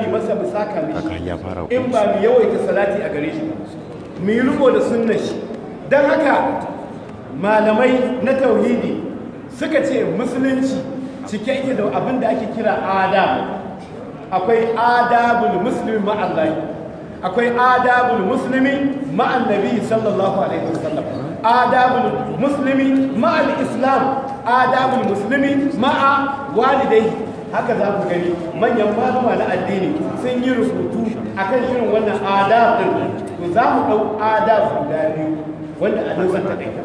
yi masa bisa kame in ba mu yawaita salati a gare shi mu yi da sunnan shi haka malamai na tauhidi suka ce musulunci cike yake da abin da ake kira adab akwai adabul muslimi akwai adabul muslimi sallallahu alaihi wasallam adabul muslimi islam adabul muslimi ma'a walidai haka za ku gani manyan malama na addini sun yi rubutu a kan shirin wannan adabin ku za mu ɗau adabin guda wanda a dozan ta ɗaya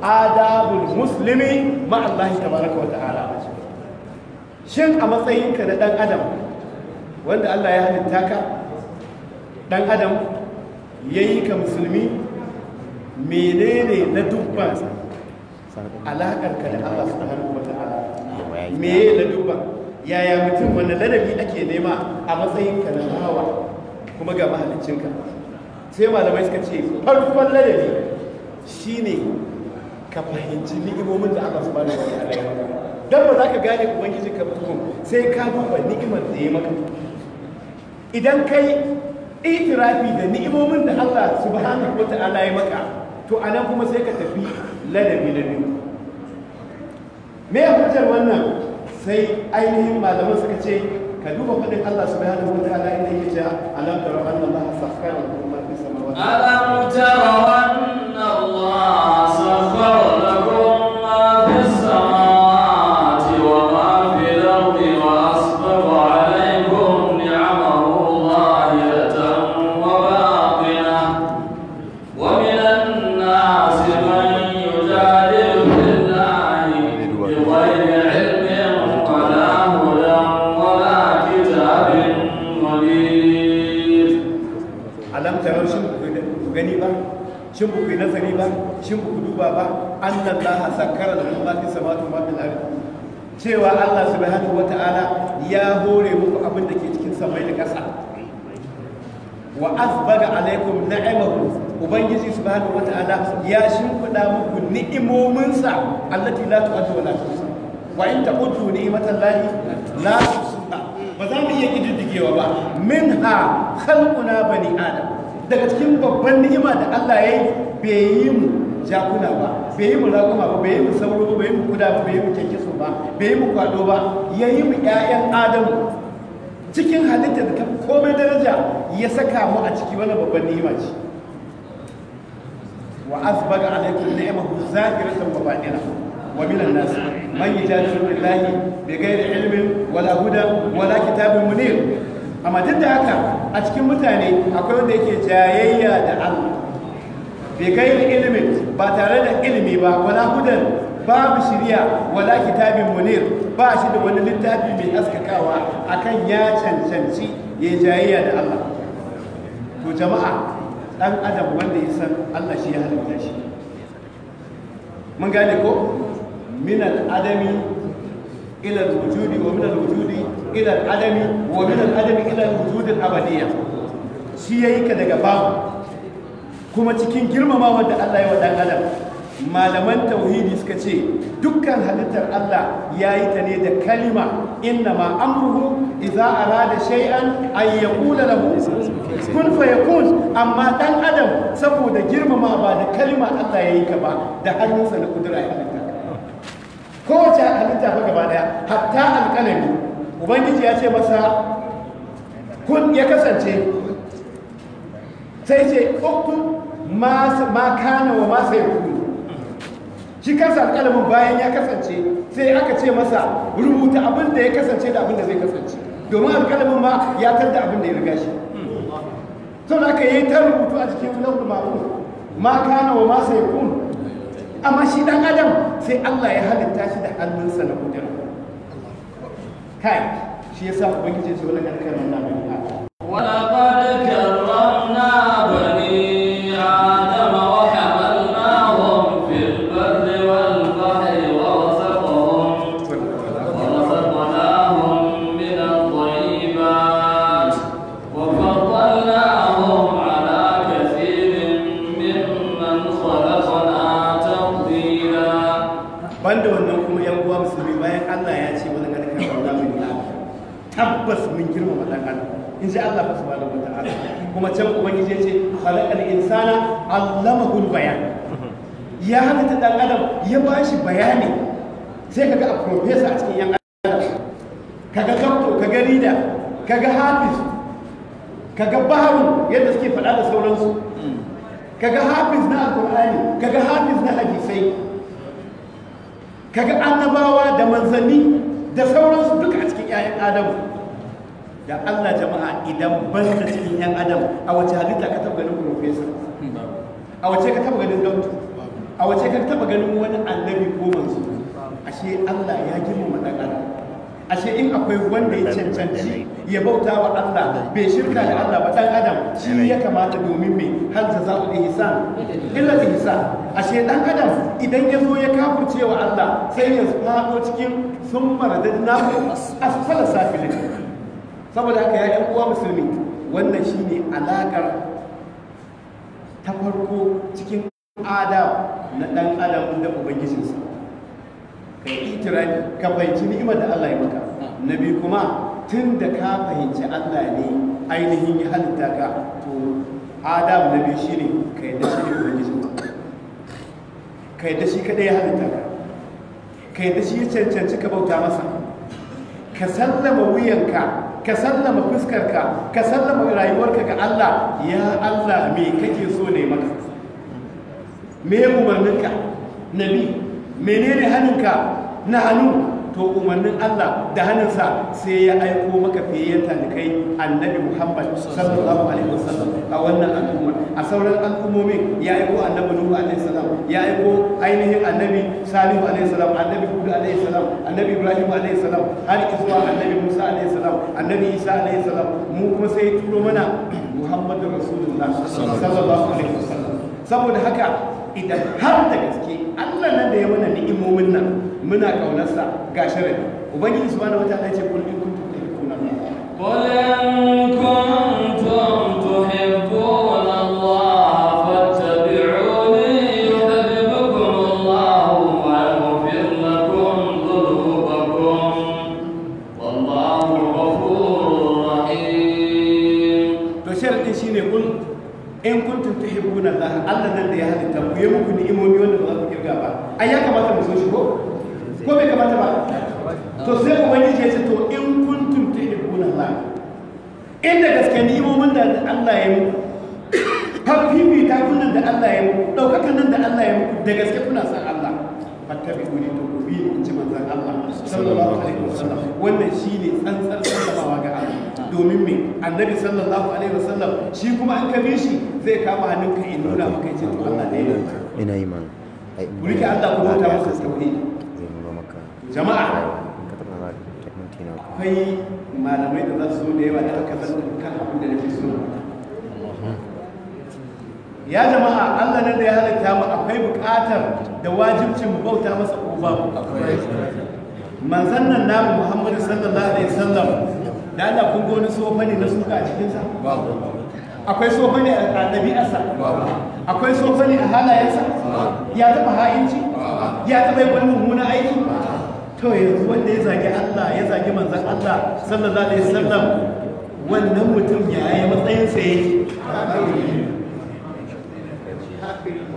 adabul muslimi ma Allah tabaraka wa ta'ala shin a matsayinka na ɗan adam wanda Allah ya halitta ka ɗan adam ya yi ka musulmi menene na dubban ka da Allah subhanahu hannu. me ya na duba yaya mutum wani ladabi ake nema a matsayin ka na bawa kuma ga mahalicinka sai malamai suka ce farkon ladabi shine ka fahimci ni'imomin da Allah subhanahu wa ta'ala ya maka dan ba za ka gane ubangiji ka mutum sai ka duba ni'imar da ya maka idan kai itirafi da ni'imomin da Allah subhanahu wa ta'ala ya maka to anan kuma sai ka tafi ladabi na biyu me fitar wannan sai ainihin malaman suka ce ka duba faɗin Allah subhanahu wata ala inda yake ce alam tara anna Allah sakhara lakum ma fis samawati alam ku shin ku gani ba shin ku nazari ba shin ku duba ba annan a sakara da kuma fi samatu ma ba da cewa Allah subhanahu ta'ala ya hore muku abin da ke cikin samai da ƙasa wa asbaga alaikum na'imahu ubangiji subhanahu ta'ala ya shimfida muku sa allati la tu'addu wa la tuhsa wa in ta'uddu ni'matallahi la tuhsuha ba za mu iya kididdigewa ba minha khalquna bani adam daga cikin babban ni'ima da Allah ya yi bai yi mu jakuna ba bai yi mu raguma ba bai yi mu sauro ba bai yi mu kuda ba bai yi mu kyankyaso ba bai yi mu kwado ba ya yi mu 'ya'yan adamu cikin halitta da komai daraja ya saka mu a ciki wani babban ni'ima ce wa asbaga alaikum ni'amahu zahiratan wa batina wa min an-nas man yajadu billahi bighairi ilmin wala huda wala kitabin munir amma duk da haka a cikin mutane akwai wanda yake jayayya da bai kai ilimin ba tare da ilimi ba wala hudan babu shirya wala kitabin munir ba shi da wani littafi mai askakawa akan ya cancanci ya jayayya da Allah to jama'a dan adam wanda ya san Allah shi ya halitta shi mun gane ko min al adami ila al wujudi wa min al wujudi ila al'adami wa min al'adami ila wujud al-abadiyya shi ka daga babu kuma cikin girmamawa da Allah ya wa adam malaman tauhidi suka ce dukkan halittar Allah ya yi ta ne da kalima inna ma amruhu idza arada shay'an ay yaqula lahu kun fayakun amma dan adam saboda girmama ba da kalima Allah ya yi ka ba da hannunsa da kudura ya halitta kowace halitta fa gaba daya hatta alqalami ubangiji ya ce masa kun ya kasance sai ce uku ma kana wa ma sai rubu shi kansa alƙalamin bayan ya kasance sai aka ce masa rubuta abin da ya kasance da abin da zai kasance domin alƙalamin ma ya tarda abin da ya riga shi sau da aka yi ta rubutu a cikin launin ma'ul ma kana wa ma sai kun amma shi dan adam sai Allah ya halitta shi da hannunsa na kudin kai shi yasa ubangiji ya ce wala kan karanta mai wala qad karama kuma can ubangiji ya ce khalaqal insana allamahul bayan ya halitta dan adam ya bashi bayani sai kaga a professor a cikin yan adam kaga doctor kaga Rida kaga hafiz kaga Baharu yadda suke faɗa da sauransu kaga hafiz na alqur'ani kaga hafiz na hadisai kaga annabawa da manzanni da sauransu duka a cikin 'ya'yan adamu da Allah jama'a idan ba ka cikin yan adam a wace halitta ka taba ganin professor a wace ka taba ganin doctor a wace ka taba ganin wani annabi ko manzo ashe Allah ya girmama dan adam ashe in akwai wanda ya cancanci ya bauta wa Allah bai shirka da Allah ba dan adam shi ya kamata domin me hal da ihsan illa ihsan ashe dan adam idan ya zo ya kafurce wa Allah sai ya fado cikin sun maradin na asfala safilin saboda haka ya uwa musulmi wannan shi ne alaƙar ta farko cikin adam na ɗan adam da ubangijinsa ka yi itirani ka fahimci ni'ima da Allah ya maka na bi kuma tun da ka fahimci Allah ne ainihin ya halitta ka to adam na shi ne ka yadda shi ne ubangijinka ka yadda shi kaɗai ya halitta ka ka yadda shi ya cancanci ka bauta masa ka sallama wuyanka ka sallama fuskarka ka sallama rayuwarka ga Allah ya Allah me kake so ne maka me umarninka nabi menene hannunka na hannu to umarnin Allah da hannunsa sai ya aiko maka fiye talikai annabi Muhammad sallallahu alaihi wasallam a wannan al'umma a sauran al'ummomin ya aiko annabi Nuhu alaihi salam ya aiko ainihin annabi Salihu alaihi salam annabi Hud alaihi salam annabi Ibrahim alaihi salam har zuwa annabi Musa alaihi salam annabi Isa alaihi salam mu kuma sai turo mana Muhammadu Rasulullah sallallahu alaihi wasallam saboda haka idan har da gaske Allah nan da ya mana ni'imomin nan muna kaunarsa ga shirin ubangiji su wataala ya ce kul in kuntum tuhibbuna Allah qul in kuntum Allah ya muku fafifi ta kunan da Allah ya muku daukakan nan da Allah ya muku da gaske kuna san Allah bi wuri to ku in ji manzan Allah sallallahu alaihi wasallam wannan shine tsantsar sallamawa ga Allah domin me annabi sallallahu alaihi wasallam shi kuma an kabe shi zai kama hannunka in nuna maka yace to Allah ne ina iman ku rike Allah ku bauta masa tauhid jama'a akwai malamai da za su zo da yawa da aka zanta kan abin da nake so ya jama'a Allah nan da ya halitta mu akwai bukatar da wajibcin mu bauta masa uba. mu akwai manzan nan namu Muhammadu sallallahu alaihi wasallam da Allah kun goni tsofani na suka a cikin sa akwai sofa ne a ɗabi'arsa akwai tsofani a halayensa ya taɓa ha'inci ya taɓa yi wani mummuna aiki to yanzu wanda ya zagi Allah ya zagi manzan Allah sallallahu alaihi wasallam wannan mutum ya yi matsayinsa yake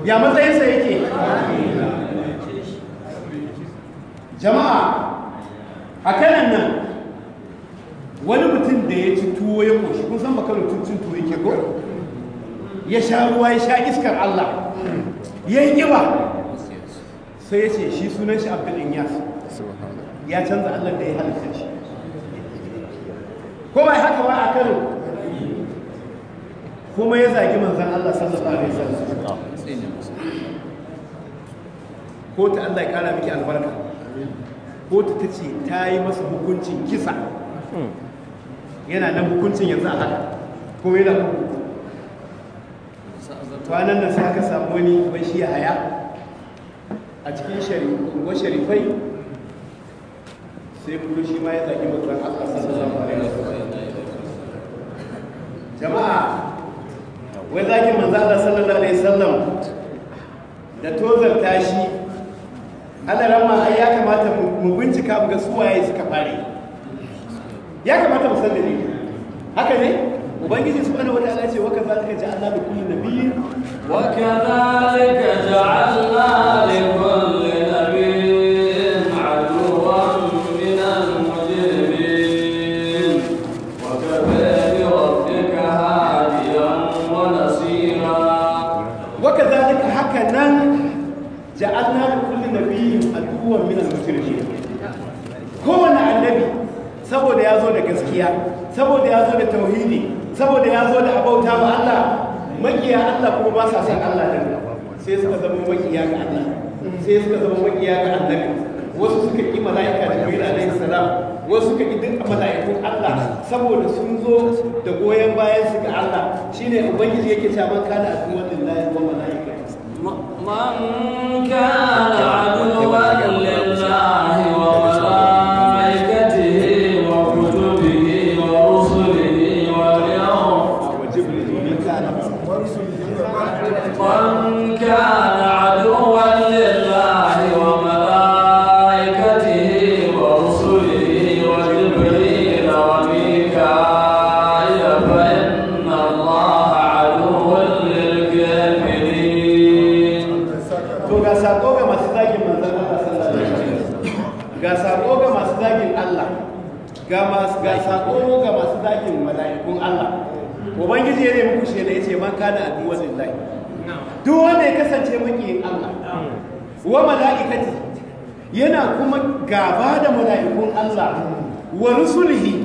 ya matsayinsa yake jama'a a kanan nan wani mutum da ya ci tuwo ya koshi kun san bakar cin tuwo yake ko ya sha ruwa ya sha iskar Allah ya yi giba sai ya ce shi sunan shi abdul inyas ya canza Allah da ya halitta shi ko bai haka ba a kano kuma ya zagi manzan Allah sallallahu alaihi wasallam ko ta Allah ya kara miki albarka ko ta tace ta yi masa hukuncin kisa yana nan hukuncin yanzu a haka ko yana kwanan nan sai ka samu wani bai shi haya a cikin shari'a sharifai sai kuma shi ma ya zagi manzan Allah sallallahu alaihi wasallam jama'a wai zagin manzo Allah sallallahu alaihi wasallam da tozar tashi ana rama ai ya kamata mu bincika mu ga su waye suka fare ya kamata mu san da ne haka ne ubangiji subhanahu wataala ce wa kadhalika ja'alna li kulli nabiyyin wa kadhalika ja'alna aduwan min al-mushriki kowane annabi saboda ya zo da gaskiya saboda ya zo da tauhidi saboda ya zo da abauta ba Allah makiya Allah kuma ba sa san Allah din sai suka zama makiya ga Allah sai suka zama makiya ga annabi wasu suka ki mala'ika Jibril alaihi salam wasu suka ki duk mala'ikun Allah saboda sun zo da goyen bayan su ga Allah shine ubangiji yake cewa man kana addu'a lillahi wa mala'ika من كان الله ga sako ga masu zagin mala'ikun Allah ubangiji ya nemi kushe da yace man kana aduwa lillahi duk wanda ya kasance makiyin Allah wa mala'ikati yana kuma gaba da mala'ikun Allah wa rusulihi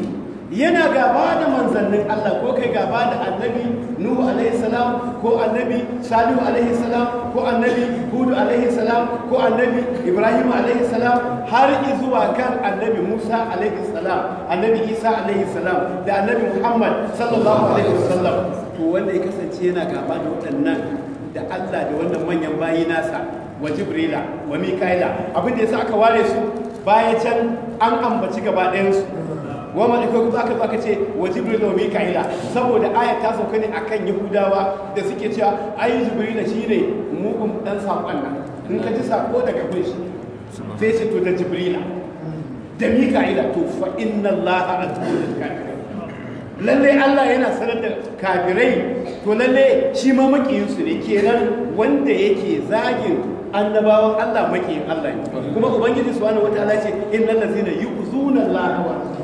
yana gaba da manzannin Allah ko kai gaba da annabi Nuhu alaihi salam ko annabi Salihu alaihi salam ko annabi Hudu alaihi salam ko annabi Ibrahim alaihi salam har zuwa kan annabi Musa alaihi salam annabi Isa alaihi salam da annabi Muhammad sallallahu alaihi wasallam to wanda ya kasance yana gaba da waɗannan da Allah da wannan manyan bayi nasa wa Jibrila wa Mikaila abin da yasa aka ware su baya can an ambaci gaba su wa ko kuma aka baka ce wa jibril wa mika'ila saboda ayat ta sauka ne akan yahudawa da suke cewa ai jibril shine mugun dan sakon nan in ka ji sako daga kai shi sai ce to da jibrila da mika'ila to fa inna allaha azizul kafirin lalle Allah yana sanar da kafirai to lalle shi ma su ne kenan wanda yake zagin annabawan Allah makiyin Allah ne kuma ubangiji subhanahu wataala ce innal ladzina yuqzuna allaha wa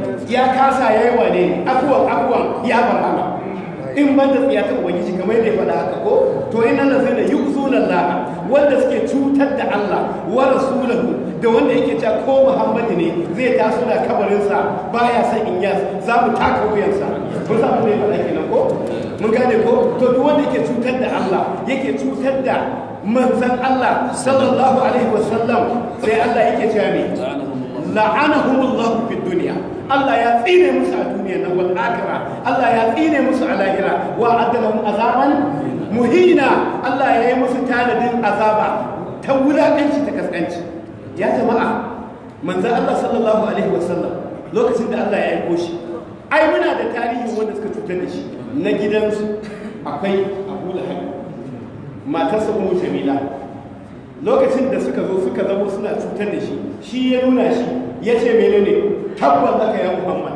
ya kasa ya yi wane akuwan akuwan ya bambama in ban da tsiya ta ubangiji kamar da ya faɗa haka ko to in Allah zai da yuzunan laha wanda suke cutar da Allah wa rasulahu da wanda yake cewa ko Muhammadu ne zai ta da kabarinsa baya san in yas za mu taka wuyansa za mu mun faɗa kenan ko mun gane ko to duk wanda yake cutar da Allah yake cutar da manzan Allah sallallahu alaihi wasallam sai Allah yake cewa ne. La'ana la'anahumullahu fid duniya. Allah ya tsine musu a duniya nan wal akhirah Allah ya tsine musu a lahira wa adalahum azaban muhina Allah ya yi musu tanadin azaba ta wulakanci ta kaskanci ya jama'a manzo Allah sallallahu alaihi wasallam lokacin da Allah ya yi shi ai muna da tarihin wanda suka cutar da shi na gidansu akwai Abu matarsa Ummu Jamila lokacin da suka zo suka zama suna cutar da shi shi ya nuna shi ya ce ne tabbas aka ya muhammad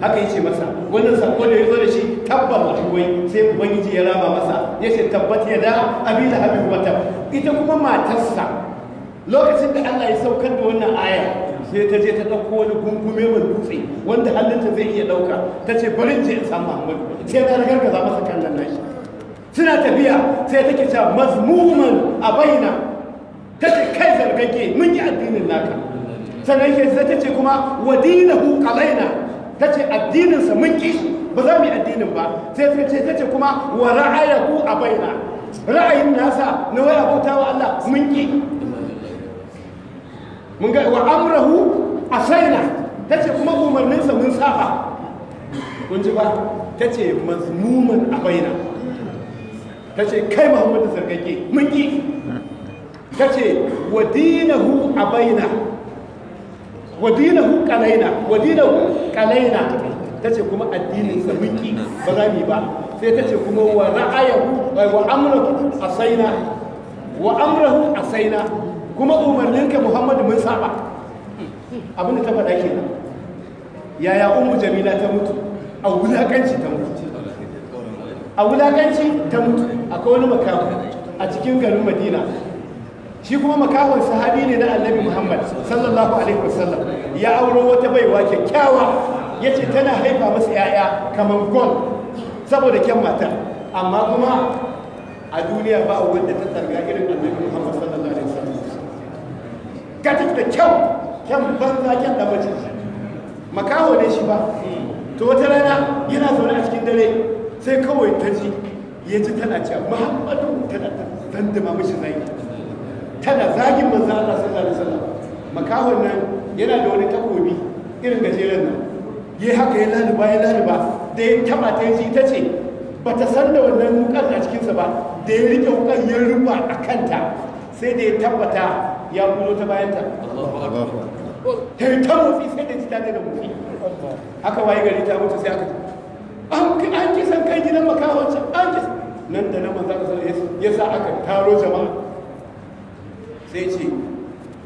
haka ya ce masa wannan sako da ya zo da shi tabbas wai sai ubangiji ya raba masa ya ce tabbat ya da abin da habib wata ita kuma matarsa lokacin da allah ya saukar da wannan aya sai ta je ta ɗauko wani gungume mai dutse wanda hannunta zai iya ɗauka ta ce barin je in samu Muhammadu sai ta za masa kan nan nashi suna tafiya sai take cewa mazmuman a baina ta ce kai zargage mun yi addinin naka sannan ke sai ta ce kuma wadinahu qalaina ta ce addininsa mun ki ba za mu yi addinin ba sai ta ce ta ce kuma wa ra'ayahu abaina ra'ayin nasa na wai abota wa Allah mun ki mun ga wa amrahu asaina ta ce kuma umarninsa mun saba kun ji ba ta ce mazmuman abaina ta ce kai muhammadu sarkake mun ki ta ce wa dinahu a baina wa dinahu kalaina wa kalaina ta ce kuma addinin sabiki ba za mu ba sai ta ce kuma wa ra'ayahu eh, wa amrahu asaina wa amrahu asaina kuma umarninka Muhammadu mun saba abin da ta faɗa ke yaya ummu jamila ta mutu a wulakanci ta mutu a wulakanci ta mutu akwai wani makamu a cikin garin madina shi kuma makahon sahabi ne na annabi muhammad sallallahu alaihi wasallam ya auro wata baiwa kyakkyawa ya ce tana haifa masa yaya kamar gol saboda kyan matar amma kuma a duniya ba wanda ta tsarga irin annabi muhammad sallallahu alaihi wasallam katif da kyau kyan banza kyan da mace makaho ne shi ba to wata rana yana zaune a cikin dare sai kawai ta ji ya ji tana cewa muhammadu tana tandama mishi zai tana zagin manzan Allah sallallahu alaihi wasallam makahon nan yana da wani takobi irin gajeren nan ya haka ya laluba ya laluba da ya taba ta yi ta ce ba ta san da wannan wukan a cikinsa ba da ya rike wukan ya rufa a kanta sai da ya tabbata ya kulo ta bayanta ta yi ta motsi sai da ta da motsi aka waye gari ta mutu sai aka an kisan kai gidan makahon an kisan nan da nan manzan Allah ya sa aka taro jama'a sai ce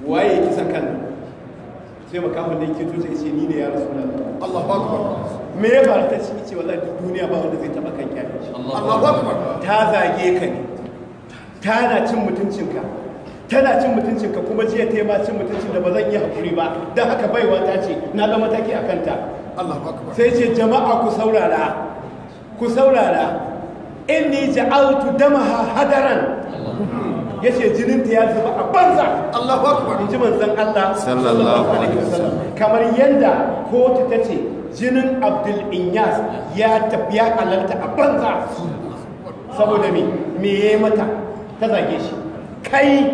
waye kisa kan sai makamun da yake to ya ce ni ne ya rasu Allahu akbar me ya bar ta ce wallahi duniya ba wanda zai taba kan ta zage ka ne tana cin mutuncinka tana cin mutuncinka kuma jiya ta yi ma cin mutuncin da ba zan yi hakuri ba don haka baiwa ta ce na ga mataki a kanta sai ce jama'a ku saurara ku saurara inni ja'altu damaha hadaran ya ce jinin ta ya zuba a banza Allahu akbar in ji manzon Allah sallallahu alaihi wasallam kamar yanda kotu ta ce jinin Abdul Inyas ya tafiya ya a banza saboda me me yayi mata ta zage shi kai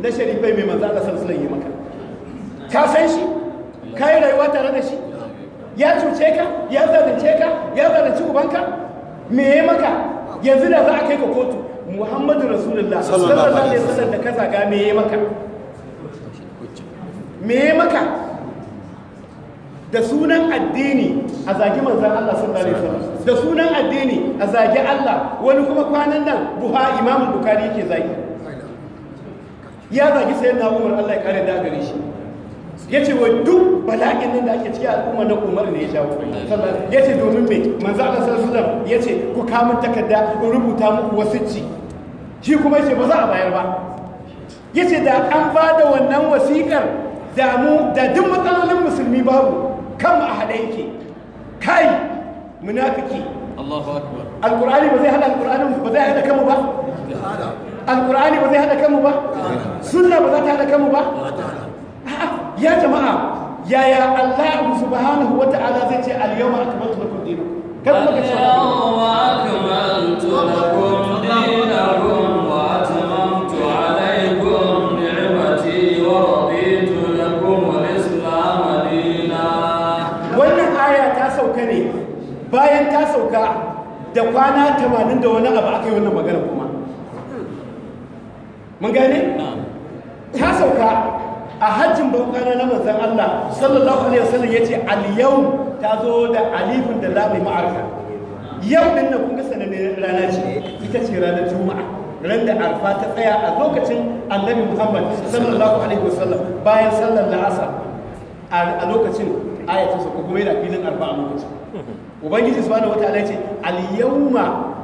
na sharifai mai manzon Allah sallallahu alaihi maka ka san shi kai rayuwa tare da shi ya cuce ka ya zalunce ka ya zalunci ubanka me yayi maka yanzu da za a kai ka kotu muhammadu rasulullah sallallahu alaihi wasallam da ka zaga me maka me maka da sunan addini a zagi manzan Allah sallallahu alaihi wasallam da sunan addini a zagi Allah wani kuma kwanan nan buha imamu bukari yake zagi ya zagi na Umar Allah ya kare da gare shi ya ce wa duk bala'in nan da ake ciki al'umma na umar ne ya shawo ya ce domin me manzan Allah sallallahu alaihi ya ce ku kamun takarda ku rubuta muku wasicci shi kuma ce ba za a bayar ba ya ce da an ba da wannan wasiƙar damu da duk matsalolin musulmi babu kan a haɗa yake kai munafiki alƙur'ani ba zai haɗa alƙur'ani ba zai haɗa kanmu ba alƙur'ani ba zai haɗa kanmu ba sunna ba za ta haɗa kanmu ba ya jama'a yaya Allah subhanahu wa ta'ala zai ce al-yawma akmaltu lakum dinakum kan kuma ka da kwana tamanin da wani abu aka yi wannan magana kuma mun gane ta sauka a hajjin bankana na manzan Allah sallallahu alaihi wasallam yace al yau ta zo da alifin da lamu ma'arfa yau din nan kun sanannen rana ce ita ce ranar juma'a ran da arfa ta tsaya a lokacin annabi muhammad sallallahu alaihi wasallam bayan sallar la'asa a lokacin aya ta sauka kuma yana filin arba a lokacin ubangiji subhanahu wataala ce al-yawma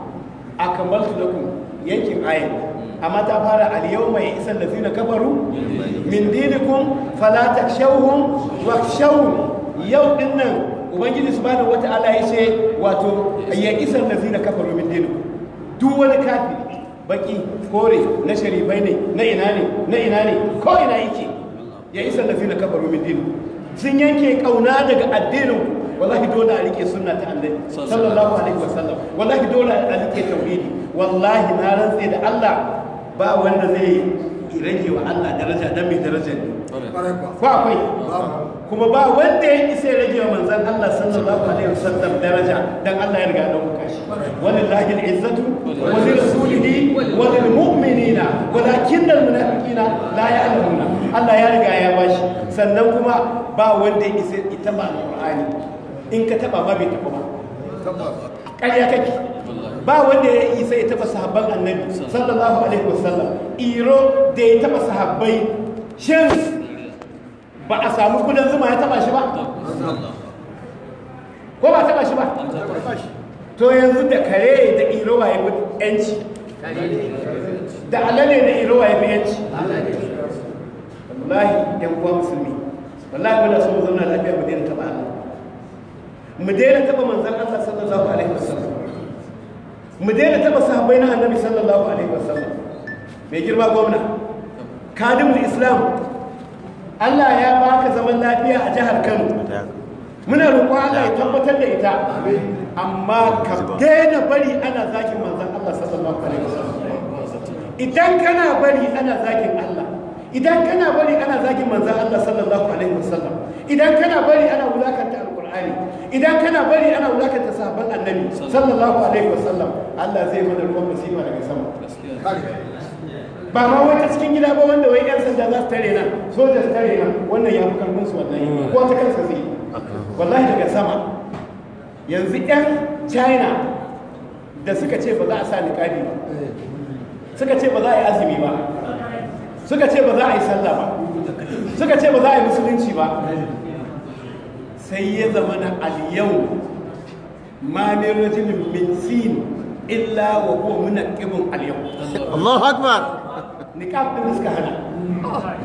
akmaltu lakum yankin ayan amma ta fara al ya isan isa lazina kafaru min dinikum fala takshawhum wakshawni yau din nan ubangiji wata ala ya ce wato ya isan isa lazina kafaru min dinikum duk wani kafiri baki kore na sharifai ne na ina ne na ina ne ko ina yake ya isan isa lazina kafaru min dinikum sun yanke kauna daga addinin wallahi dole a rike sunna ta annabi sallallahu alaihi wasallam wallahi dole a rike tauhidi wallahi na rantse da Allah ba wanda zai rage wa Allah daraja dan mai daraja ne ba akwai kuma ba wanda ya isa ya rage wa manzan Allah sallallahu alaihi wasallam daraja dan Allah ya riga dauka shi walillahi al-izzatu wa li rasulihi wa lil mu'minina walakin al munafiqina la ya'lamuna Allah ya riga ya bashi sannan kuma ba wanda ya isa ya taba al-qur'ani in ka taba ba bai taba ba ƙarya kake ba wanda ya isa ya taba sahabban annabi sallallahu alaihi wasallam iro da ya taba sahabbai shin ba a samu kudin zuma ya taba shi ba ko ba taba shi ba to yanzu da kare da irowa ya fi yanci da alale da irowa ya fi yanci wallahi yan kuwa musulmi wallahi muna so mu zauna lafiya mu daina taba Allah mu daina taba manzon Allah sallallahu alaihi wasallam mu daina taba sahabbai na annabi sallallahu alaihi wasallam mai girma gwamna kadimul islam Allah ya baka zaman lafiya a jihar Kano muna roƙon Allah ya tabbatar da ita amma ka daina bari ana zakin manzon Allah sallallahu alaihi wasallam idan kana bari ana zakin Allah idan kana bari ana zakin manzon Allah sallallahu alaihi wasallam idan kana bari ana wulakanta Alƙur'ani, idan kana bari ana wulakanta sahabban annabi sallallahu alaihi wasallam Allah zai mana ruwan musiba daga sama ba ma wata cikin gida ba wanda wai yan sanda za su tare na soja su tare na wannan ya fi karfin su yi hmm. ko ta kansa zai wallahi daga sama yanzu yan china da suka ce ba za a sa niqabi ba suka ce ba za a yi azumi ba suka ce ba za a yi sallah ba suka ce ba za a yi musulunci ba sai ya zama na aliyau ma min rajin min sin illa wa huwa muna ƙibin aliyau. Allahu akbar niqab din suka hana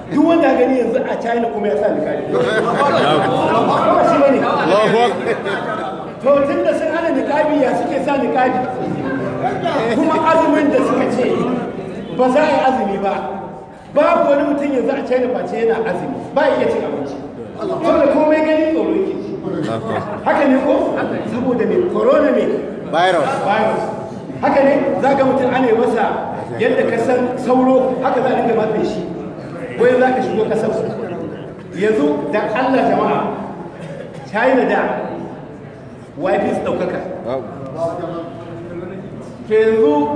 duk wanda gani yanzu a China kuma ya sa niqab ba to tun da sun hana niqabi ya suke sa niqabi kuma azumin da suka ce ba za a yi azumi ba babu wani mutum yanzu a China face yana azumi ba ya ci cin abinci kuma komai gani tsoro yake haka ne ko saboda me corona me virus virus haka ne za ka mutum ana yi masa yadda ka san sauro haka za a dinga mafi shi wai za ka shigo kasar su yanzu da allah jama'a china da wifi su daukaka yanzu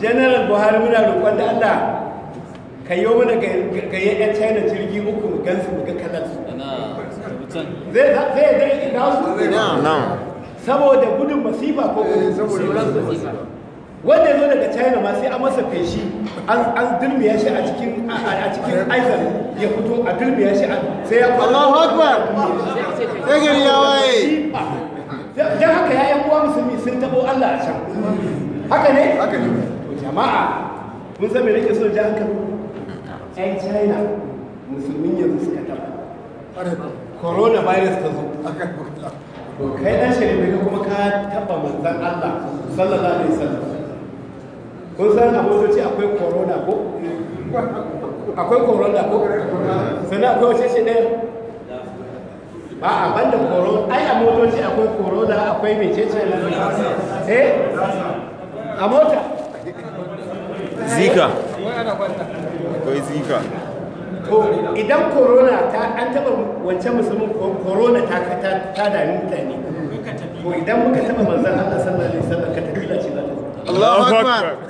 general buhari muna roƙon da allah ka yi mana ga yan china jirgi uku gan su mu ga kalar su zai zai dai ina su saboda gudun masifa ko kuma wanda ya zo daga china ma sai an masa feshi an dulmiya shi a cikin a aizan ya fito a dulmiya shi sai ya kwa Allah akbar sai gari ya waye dan haka ya yan uwa musulmi sun tabo Allah a can haka ne haka ne to jama'a mun san me nake so ji haka ai china musulmin yanzu suka taba corona virus ta zo kai dan shari'a kuma ka taba manzon Allah sallallahu alaihi wasallam kun san a motoci akwai corona ko akwai corona ko sannan akwai wace shi ɗaya ba a banda corona ai a motoci akwai corona akwai mai eh a mota zika akwai zika to idan corona ta an taba wancan musulmin corona ta ta dami mutane to idan muka taba manzon Allah sallallahu alaihi wasallam ka tafi lafiya Allahu akbar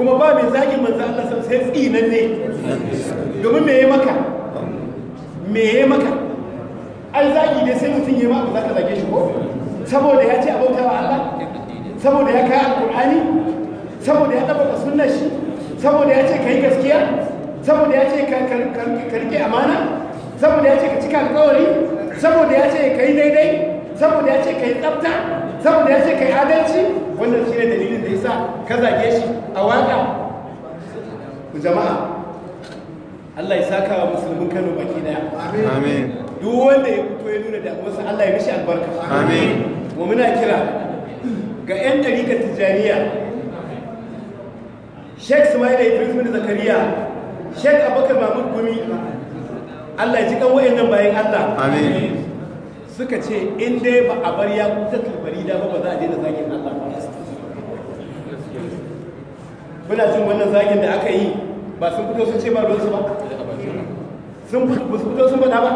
kuma ba mai zagin manzo Allah sai sai tsinan ne domin me maka me yayi maka ai zagi ne sai mutum yayi maka zaka zage shi ko saboda ya ce abauta wa Allah saboda ya kai alqur'ani saboda ya dabbaka sunnar shi saboda ya ce kai gaskiya saboda ya ce ka karke amana saboda ya ce ka cika alƙawari saboda ya ce ka yi ka yi tsafta saboda ya ce ka yi adalci wannan shi ne dalilin da ya sa ka zage shi a waka ku jama'a Allah ya saka wa musulmin Kano baki daya amin duk wanda ya fito ya nuna da wasu Allah ya mishi albarka amin mu muna kira ga yan dariƙar Tijjaniya Sheikh Sumaila Idris bin Zakariya Sheikh Abubakar Mahmud Gumi Allah ya ji kan wayannan bayan Allah amin suka ce in dai ba a bar ya kuta tulbari da ba za a daina zagin Allah ba muna jin wannan zagin da aka yi ba sun fito sun ce ba ruwansu ba sun fito sun bada ba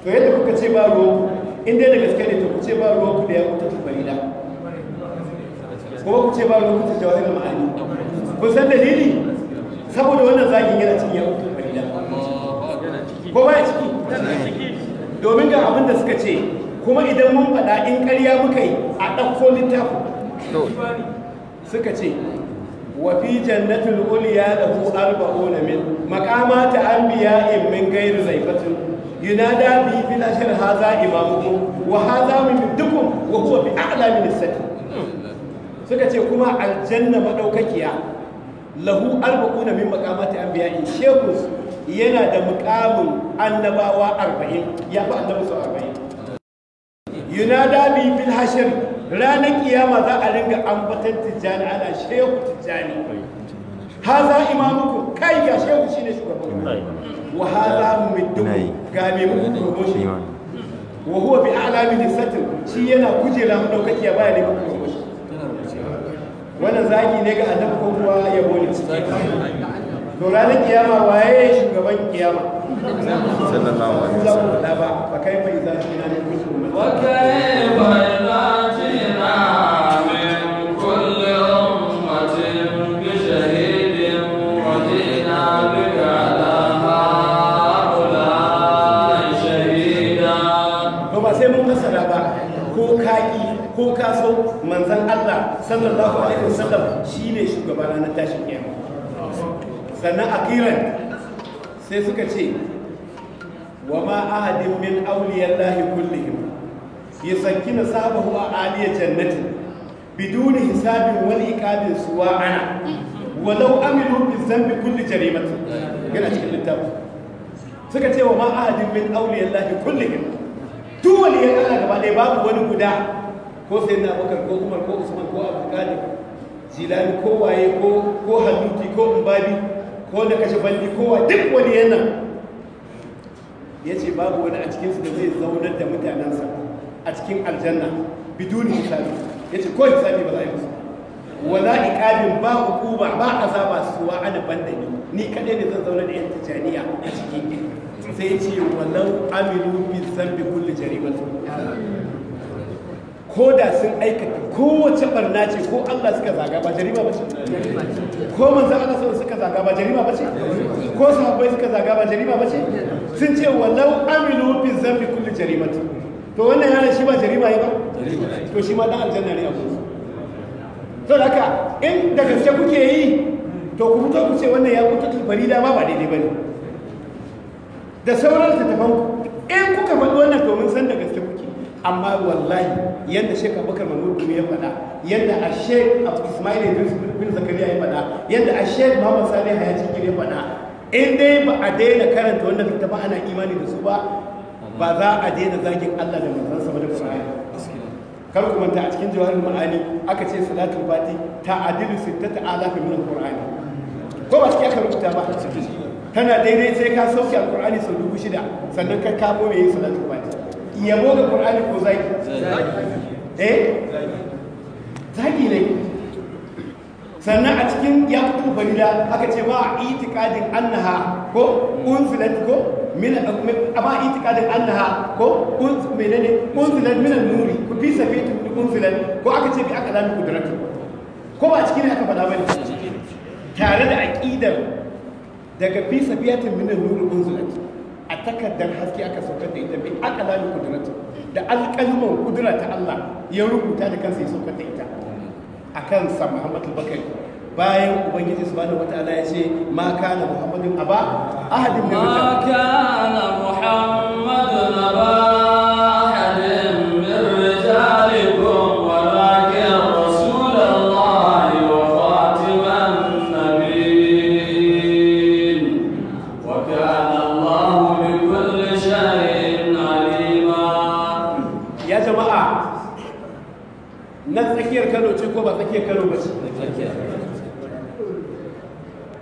to yadda kuka ce ba ruwan in dai da gaske ne to ku ce ba ruwan ku da ya kuta tulbari da ko ku ce ba ruwan ku ta jawabin ma'ani kun san dalili saboda wannan zagin yana cikin ya kuta tulbari da ko ba ya ciki domin ga abin da suka ce kuma idan mun faɗa in ƙarya muka yi a ɗauko littafin suka ce wafi jannatul uliya ya hu arba'una min biya in min ghairi zaifatin yunada bi fil ashir hadha imamukum wa haza min dukkan wa huwa bi a'la min sati suka ce kuma aljanna madaukakiya lahu arba'una min biya in shekus. yana da mukamin annabawa arba'in ya fi annabi sau arba'in Yana bi fil hashir ranar kiyama za a ringa ambatan tijjani ana shehu tijjani za imamuku kai ya shehu shi ne shugaban wa mu mumidduku ga me muku promotion wa huwa bi a'lami disatin shi yana kujera mu daukaki ya baya ne muku promotion wannan zagi ne ga annabi ko kuwa yabo ne to kiyama waye shugaban kiyama sallallahu alaihi wasallam ba kai mai idza jina min wa kai jina ko kaso manzon Allah sallallahu alaihi wasallam shine shugaba na tashin sannan akiran sai suka ce wa ma ahadin min auliyallahi na yusakkinu sabahu a aliyar jannati biduni hisabin wani ikabin wa ana walau aminu bi zambi kulli jarimati gina cikin littafi suka ce wa ma ahadin min auliyallahi kullihim duk wani ya kana gaba ɗaya babu wani guda ko sai na bakar ko Umar ko Usman ko abu Qadir Jilani ko waye ko ko ko Umbabi ko da kashe balli kowa duk wani yana ya ce babu wani a cikinsu da zai zaunar da mutanensa a cikin aljanna biduni hisabi ya ce ko hisabi ba za yi musu wala iqabin ba hukuma ba azaba suwa ana banda ni ni kadai ne zan zauna da yan tijaniya a cikin sai ya ce walau amilu bi zambi kulli jarimatin ko da sun aikata kowace barna ce ko Allah suka zaga ba jarima ba ce ko manzan Allah sun suka zaga ba jarima ba ce ko sahabbai suka zaga ba jarima ba ce sun ce walau amilu fi zambi kulli jarimati to wannan yana shi ba jarima ya ba to shi ma dan aljanna ne abu to haka in da gaske kuke yi to ku fito ku ce wannan ya kuta farida ma ba daidai bane da sauran littattafan in kuka faɗi wannan to mun san da gaske amma wallahi yadda shek abubakar mahmudu ya faɗa yadda a shek ismail bin zakariya ya faɗa yadda a shek muhammad salih ya cikin ya faɗa in dai ba a daina karanta wannan littafin ana imani da su ba ba za a daina zagin allah da manzansa ba da qur'ani kar ku manta a cikin jawarin ma'ani aka ce salatul fati ta sittata fi min alqur'ani ko ba cikin aka rubuta ba tana daidai sai ka sauke alqur'ani sau dubu shida sannan ka kamo mai salatu fati yabo ga qur'ani ko zaki eh zaki ne sannan a cikin ya yakutu balila aka ce ba itikadin annaha ko unzilat ko min amma itikadin annaha ko unz menene nuri ku fi safe sabitu unzilat ko aka ce bi aka lami kudratu ko ba cikin aka faɗa bane tare da aƙidar daga fi safe min an a takardar haske aka saukar da ita bi akalami kudratu da alƙalman kudura ta Allah ya rubuta da kansa ya saukar da ita akan sa Muhammad al bayan ubangiji subhanahu wataala ya ce ma kana muhammadun aba ahadin min ma kana muhammadun aba ko ba tsakiyar karo ba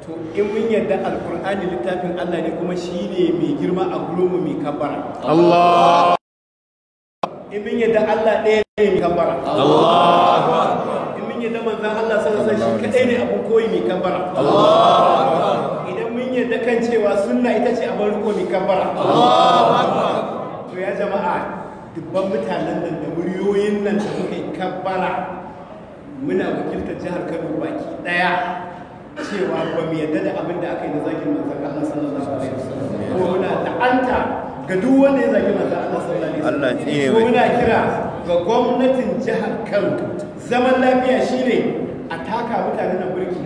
to in mun yadda alkur'ani littafin Allah ne kuma shi ne mai girma a gurinmu mai kabara Allah in mun yadda Allah ɗaya ne mai kabara Allah in mun yadda manzan Allah sun san shi kadai ne abun koyi mai kabara Allah idan mun yadda kan cewa sunna ita ce abin riko mai kabara Allah to ya jama'a dubban mutanen nan da muryoyin nan da muke kabara muna wakiltar jihar kano baki daya cewa ba mu yadda da abin da aka yi na zagin manzan Allah sallallahu alaihi wasallam ko muna ta'anta ga duk wanda ya zagi manzan Allah sallallahu alaihi wasallam ko muna kira ga gwamnatin jihar Kano zaman lafiya shine a taka mutane na burki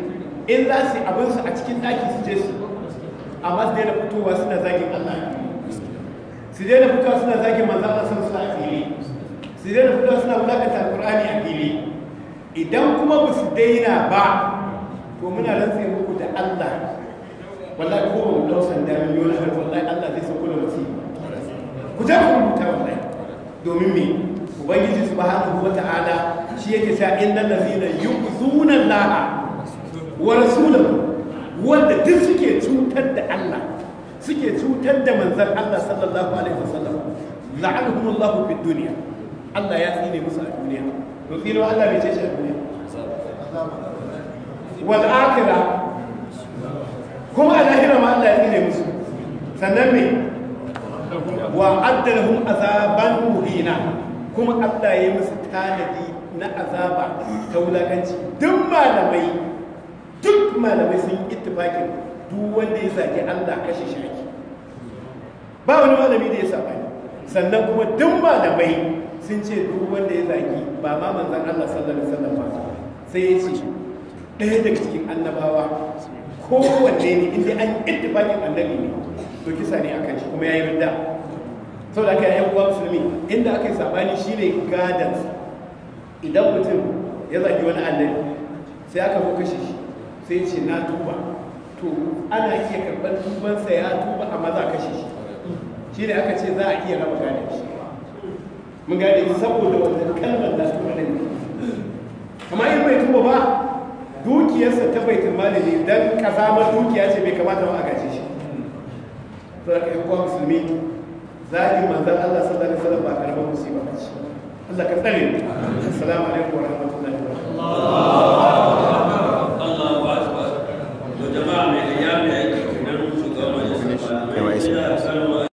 in za su abin su a cikin daki su je su amma su daina fitowa suna zagin Allah su daina fitowa suna zagin manzan Allah sallallahu alaihi wasallam su daina fitowa suna wulakanta alqur'ani a fili idan kuma ba su daina ba to muna rantse muku da Allah wallahi ko ba mu dau sanda yi wannan wallahi Allah zai saka da ci ku je ku rubuta wallahi domin me ubangiji subhanahu wata'ala shi yake sa innal ladina yuzuna Allah wa rasulahu wanda duk suke cutar da Allah suke cutar da manzon Allah sallallahu alaihi wasallam la'anahumullahu bid dunya Allah ya tsine musu a duniya yuzilu Allah bai ce shi ne wal akhira kuma a lahira ma Allah ya tsine musu sannan me wa addalahum azaban muhina kuma Allah ya musu tanadi na azaba ta wulakanci duk malamai duk malamai sun yi ittifakin duk wanda ya zage Allah kashe shi ba wani malami da ya saba sannan kuma duk malamai sun ce duk wanda ya zagi ba ma manzan Allah sallallahu alaihi wasallam ba sai ya ce ɗaya daga cikin annabawa kowanne ne inda an bakin annabi ne to kisa ne akan shi kuma yayi bidda saboda kai yan uwa musulmi inda akai sabani shine gadan idan mutum ya zagi wani annabi sai aka ko kashe shi sai ce na tuba to ana iya karɓar sa ya tuba amma za ka kashe shi shine aka ce za a iya raba gadan shi mun gane saboda wannan kalmar da su ne amma in bai tuba ba dukiyarsa ta baitul mali ne dan kazamar dukiya ce bai kamata ba a gace shi to da kai kuwa musulmi zaki manzon Allah sallallahu alaihi wasallam ba karamar musiba ba ce Allah ka tsare mu assalamu alaikum wa rahmatullahi wa barakatuh